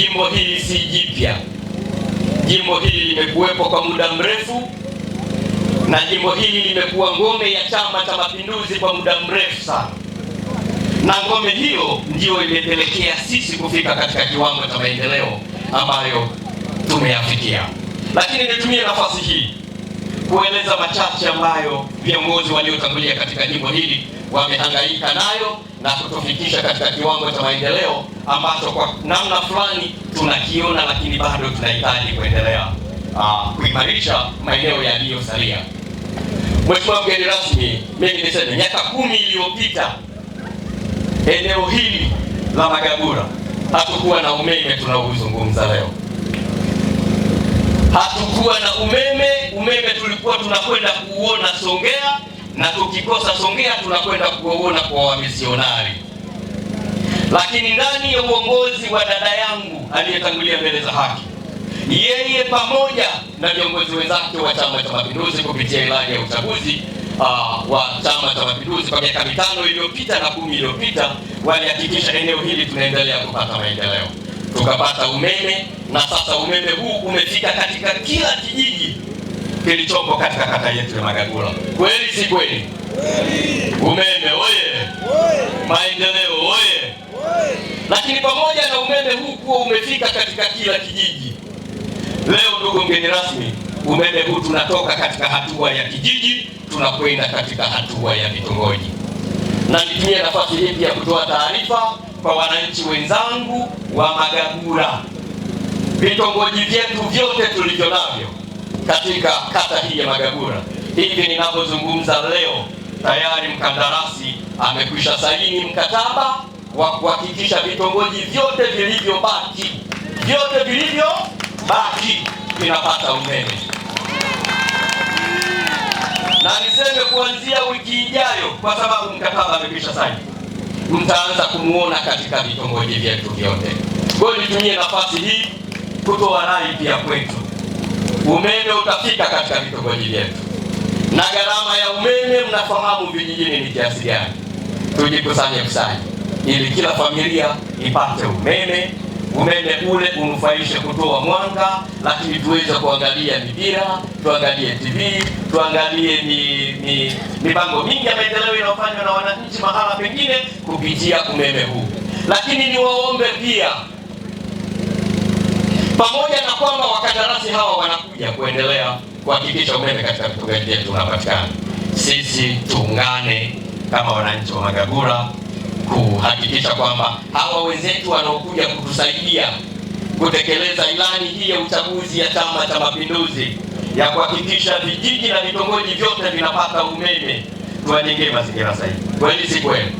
Jimbo hili si jipya, jimbo hili limekuwepo kwa muda mrefu, na jimbo hili limekuwa ngome ya Chama cha Mapinduzi kwa muda mrefu sana, na ngome hiyo ndiyo imepelekea sisi kufika katika kiwango cha maendeleo ambayo tumeyafikia. Lakini nitumie nafasi hii kueleza machache ambayo viongozi waliotangulia katika jimbo hili wamehangaika nayo na kutufikisha katika kiwango cha maendeleo ambacho kwa namna fulani tunakiona, lakini bado tunahitaji kuendelea ah, kuimarisha maeneo yaliyosalia. Mheshimiwa mgeni rasmi, mimi niseme miaka kumi iliyopita eneo hili la Magagura hatukuwa na umeme tunaouzungumza leo, hatukuwa na umeme. Umeme tulikuwa tunakwenda kuuona Songea na tukikosa Songea tunakwenda kuona kwa wamisionari. Lakini ndani ya uongozi wa dada yangu aliyetangulia mbele za haki, yeye pamoja na viongozi wenzake wa Chama cha Mapinduzi kupitia ilani ya uchaguzi Uh, wa Chama cha Mapinduzi kwa miaka mitano iliyopita na kumi iliyopita walihakikisha eneo hili tunaendelea kupata maendeleo, tukapata umeme na sasa umeme huu umefika katika kila kijiji kilichopo katika kata yetu ya Magagula. Kweli si kweli? Umeme oye! Maendeleo oye! Lakini pamoja na umeme huu kuwa umefika katika kila kijiji, leo ndugu mgeni rasmi, umeme huu tunatoka katika hatua ya kijiji tunakwenda katika hatua ya vitongoji, na nitumie nafasi hii pia kutoa taarifa kwa wananchi wenzangu wa Magagula, vitongoji vyetu vyote tulivyo navyo katika kata hii ya Magagura. Hivi ninavyozungumza leo, tayari mkandarasi amekwisha saini mkataba wa kuhakikisha vitongoji vyote vilivyobaki vyote vilivyobaki vinapata umeme, na niseme kuanzia wiki ijayo, kwa sababu mkataba amekwisha saini, mtaanza kumuona katika vitongoji vyetu vyote. Kwa hiyo nitumie nafasi hii kutoa rai pia kwetu umeme utafika katika vitongoji vyetu, na gharama ya umeme mnafahamu vijijini ni kiasi gani. Tujikusanye kusanye ili kila familia ipate umeme, umeme ule unufaishe kutoa mwanga, lakini tuweze kuangalia mipira, tuangalie TV, tuangalie ni mipango mingi ya maendeleo inayofanywa na wananchi mahala pengine kupitia umeme huu, lakini niwaombe pia pamoja na kwamba wakandarasi hawa wanakuja kuendelea kuhakikisha umeme katika vitongoji vyetu unapatikana. Sisi tuungane kama wananchi wa magagura kuhakikisha kwamba hawa wenzetu wanaokuja kutusaidia kutekeleza ilani hii ya uchaguzi ya Chama cha Mapinduzi ya kuhakikisha vijiji na vitongoji vyote vinapata umeme tuwajengee mazingira sahihi. Kweli si kweli?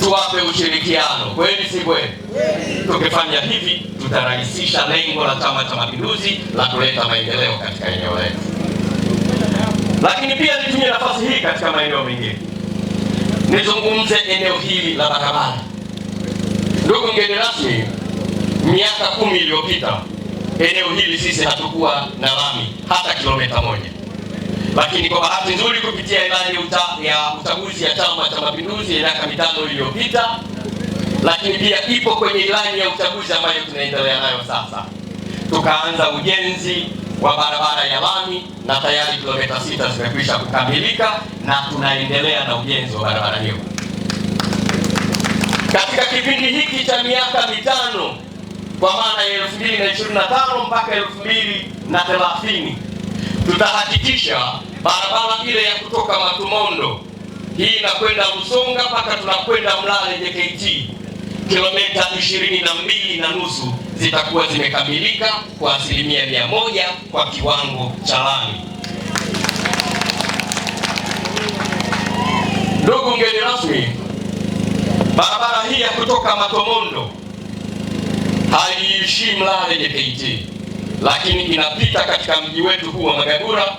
Tuwape ushirikiano. Kweli si kweli? Tukifanya hivi, tutarahisisha lengo la Chama cha Mapinduzi la kuleta maendeleo katika eneo letu. Lakini pia nitumie nafasi hii katika maeneo mengine nizungumze eneo hili la barabara. Ndugu mgeni rasmi, miaka kumi iliyopita eneo hili sisi hatukuwa na lami hata kilomita moja. Lakini kwa bahati nzuri kupitia ilani ya uchaguzi ya Chama cha Mapinduzi ya miaka mitano iliyopita, lakini pia ipo kwenye ilani ya uchaguzi ambayo tunaendelea nayo sasa, tukaanza ujenzi wa barabara ya lami na tayari kilomita sita zimekwisha kukamilika na tunaendelea na ujenzi wa barabara hiyo. Katika kipindi hiki cha miaka mitano kwa maana ya tano mpaka thelathini tutahakikisha barabara ile ya kutoka Matumondo hii inakwenda Rusonga mpaka tunakwenda Mlale JKT, kilomita ishirini na mbili na nusu zitakuwa zimekamilika kwa asilimia mia moja kwa kiwango cha lami. Ndugu mgeni rasmi, barabara hii ya kutoka Matomondo haiishii Mlale JKT, lakini inapita katika mji wetu huu wa Magagura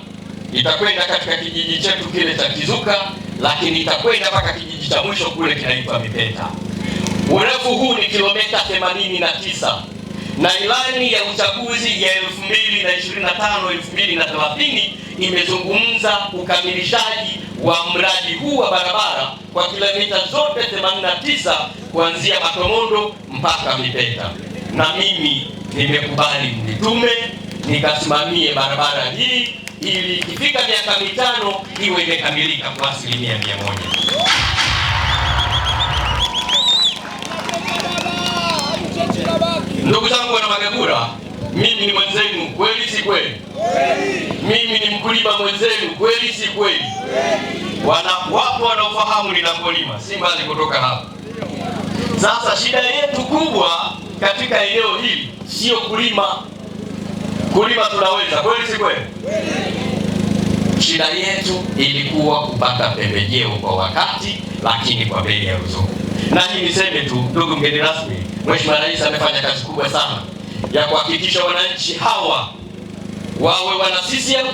itakwenda katika kijiji chetu kile cha Kizuka, lakini itakwenda mpaka kijiji cha mwisho kule kinaitwa Mipeta. Urefu huu ni kilomita 89 na ilani ya uchaguzi ya 2025 2030 imezungumza ukamilishaji wa mradi huu wa barabara kwa kilomita zote 89 kuanzia Matomondo mpaka Mipeta, na mimi nimekubali mnitume nikasimamie barabara hii ili ikifika miaka mitano iwe imekamilika kwa asilimia mia moja. Ndugu zangu wana Magagura, mimi ni mwenzenu kweli, si kweli? Mimi ni mkulima mwenzenu kweli, si kweli? Wana wapo wanaofahamu ninapolima, si mbali kutoka hapa. Sasa shida yetu kubwa katika eneo hili sio kulima Kulima tunaweza kweli, si kweli? Shida yetu ilikuwa kupata pembejeo kwa wakati, lakini kwa bei ya ruzuku. Na hii niseme tu, ndugu mgeni rasmi, Mheshimiwa Rais amefanya kazi kubwa sana ya kuhakikisha wananchi hawa wawe wana CCM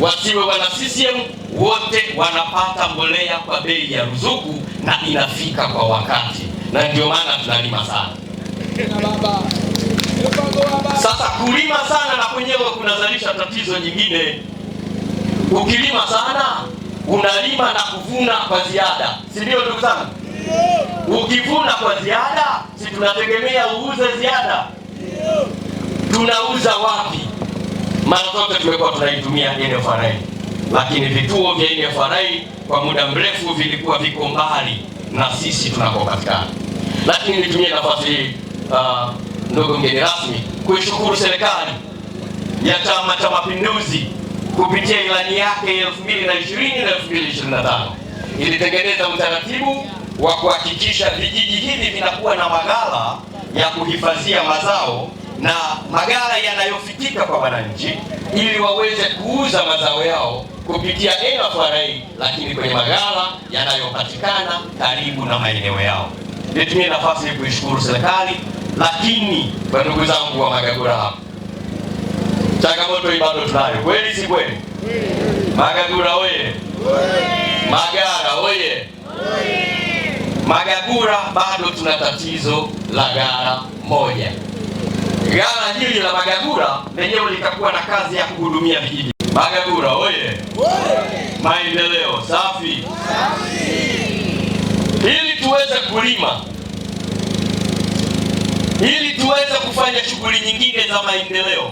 wasiwe wana CCM wote wanapata mbolea kwa bei ya ruzuku na inafika kwa wakati, na ndio maana tunalima sana. Sasa kulima sana na kwenyewe kunazalisha tatizo nyingine. Ukilima sana unalima na kuvuna kwa ziada, si ndio ndugu zangu? Ukivuna kwa ziada, si tunategemea uuze ziada? Tunauza wapi? Mara zote tumekuwa tunaitumia NFRA, lakini vituo vya NFRA kwa muda mrefu vilikuwa viko mbali na sisi tunakopatikana, lakini nitumie nafasi hii uh, Ndugu mgeni rasmi, kuishukuru serikali ya Chama cha Mapinduzi kupitia ilani yake 2020 na 2025 ilitengeneza utaratibu wa kuhakikisha vijiji hivi vinakuwa na maghala ya kuhifadhia mazao na maghala yanayofikika kwa wananchi ili waweze kuuza mazao yao kupitia NFRA, lakini kwenye maghala yanayopatikana karibu na maeneo yao. Nitumie nafasi hii kuishukuru serikali lakini kwa ndugu zangu wa Magagura, changamoto hii bado tunayo, kweli si kweli? Magagura oye! Magara oye! Magagura bado tuna tatizo la gara moja. Gara hili la Magagura lenyewe litakuwa na kazi ya kuhudumia vijiji. Magagura oye! Maendeleo safi, safi. Ili tuweze kulima ili tuweze kufanya shughuli nyingine za maendeleo.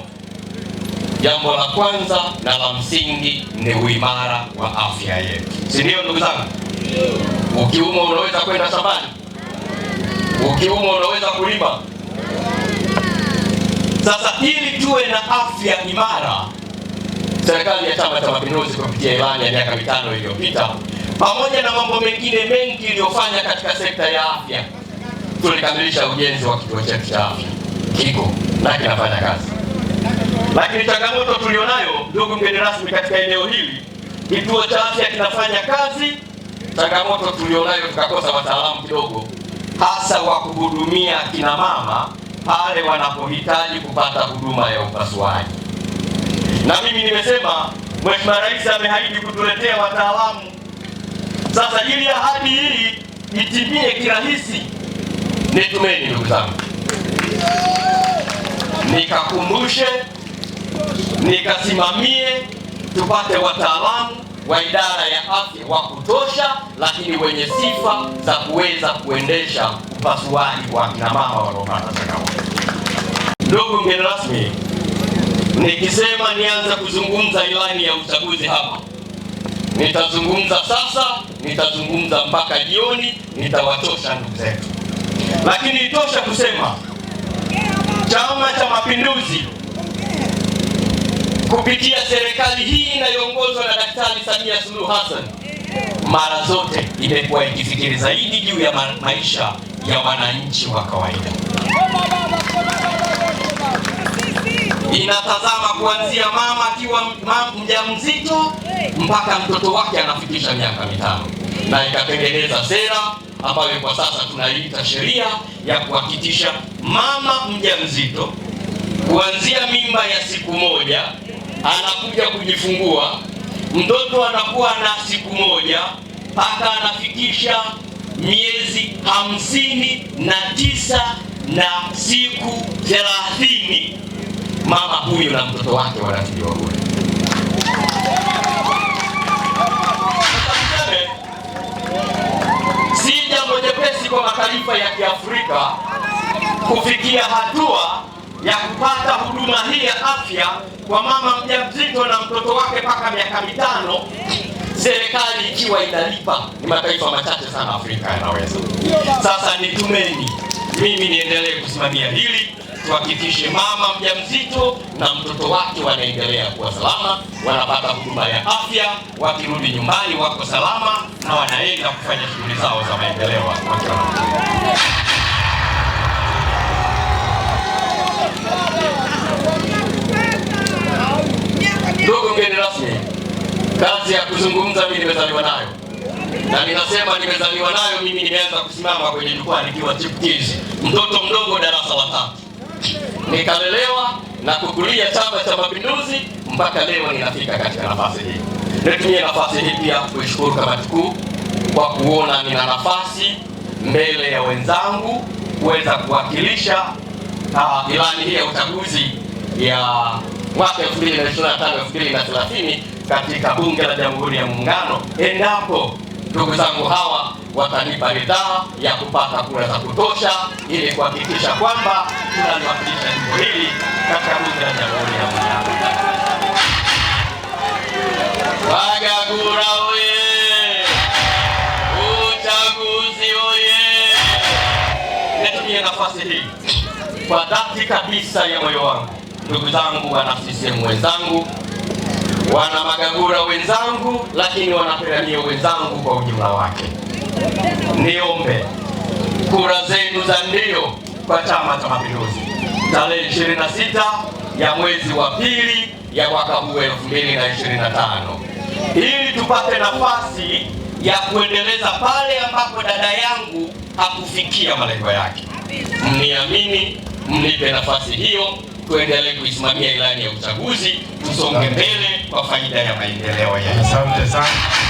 Jambo la kwanza na la msingi ni uimara wa afya yetu, si ndio ndugu zangu? Ukiumwa unaweza kwenda shambani, ukiumwa unaweza kulima. Sasa ili tuwe na afya imara, serikali ya Chama cha Mapinduzi kupitia ilani ya miaka mitano iliyopita, pamoja na mambo mengine mengi iliyofanya katika sekta ya afya tulikamilisha ujenzi wa kituo chetu cha afya, kiko na kinafanya kazi. Lakini changamoto tulionayo, ndugu mgeni rasmi, katika eneo hili kituo cha afya kinafanya kazi. Changamoto tulionayo tukakosa wataalamu kidogo, hasa wa kuhudumia kina mama pale wanapohitaji kupata huduma ya upasuaji. Na mimi nimesema Mheshimiwa Rais ameahidi kutuletea wataalamu. Sasa ili ahadi hii itimie kirahisi Nitumeni ndugu zangu, nikakumbushe, nikasimamie tupate wataalamu wa idara ya afya wa kutosha, lakini wenye sifa za kuweza kuendesha upasuaji wa kina mama wanaopata changamoto. Ndugu mgeni rasmi, nikisema nianze kuzungumza ilani ya uchaguzi hapa, nitazungumza sasa, nitazungumza mpaka jioni, nitawachosha ndugu zetu. Lakini itosha kusema Chama cha Mapinduzi kupitia serikali hii inayoongozwa na Daktari Samia Suluhu Hassan mara zote imekuwa ikifikiri zaidi juu ya maisha ya wananchi wa kawaida. Inatazama kuanzia mama akiwa mjamzito mpaka mtoto wake anafikisha miaka mitano na ikatengeneza sera ambayo kwa sasa tunaiita sheria ya kuhakikisha mama mjamzito kuanzia mimba ya siku moja anakuja kujifungua, mtoto anakuwa na siku moja mpaka anafikisha miezi hamsini na tisa na siku thelathini, mama huyu na mtoto wake wanatibiwa bure. mataifa ya Kiafrika kufikia hatua ya kupata huduma hii ya afya kwa mama mjamzito na mtoto wake mpaka miaka mitano, serikali ikiwa inalipa. Ni mataifa machache sana Afrika yanaweza. Sasa nitumeni mimi niendelee kusimamia hili tuhakikishe mama mjamzito na mtoto wake wanaendelea kuwa salama, wanapata huduma ya afya, wakirudi nyumbani wako salama na wanaenda kufanya shughuli zao za maendeleo. Ndugu mgeni rasmi, kazi ya kuzungumza mimi nimezaliwa nayo na ninasema nimezaliwa nayo. Mimi nimeanza kusimama kwenye jukwaa nikiwa chipukizi, mtoto mdogo darasa la tatu nikalelewa na kukulia Chama cha Mapinduzi mpaka leo ninafika katika nafasi hii. Nitumie nafasi hii pia kuishukuru kamati kuu kwa kuona nina nafasi mbele ya wenzangu kuweza kuwakilisha uh, ilani hii ya uchaguzi ya mwaka 2025 2030 katika Bunge la Jamhuri ya Muungano, endapo ndugu zangu hawa watanipa ridhaa ya kupata kura za kutosha ili kuhakikisha kwamba tunaliwakilisha jimbo hili katika bunge la Jamhuri ya Muungano Wagagura oye! Uchaguzi oye! Nitumie nafasi hii kwa dhati kabisa ya moyo wangu, ndugu zangu, wana CCM wenzangu, wana Magagura wenzangu, lakini wana wenzangu kwa ujumla wake niombe kura zenu za ndio kwa Chama cha Mapinduzi tarehe 26 ya mwezi wa pili ya mwaka huu 2025 ili tupate nafasi ya kuendeleza pale ambapo dada yangu hakufikia malengo yake. Mniamini, mnipe nafasi hiyo, tuendelee kuisimamia ilani ya uchaguzi, tusonge mbele kwa faida ya maendeleo ya. Asante sana.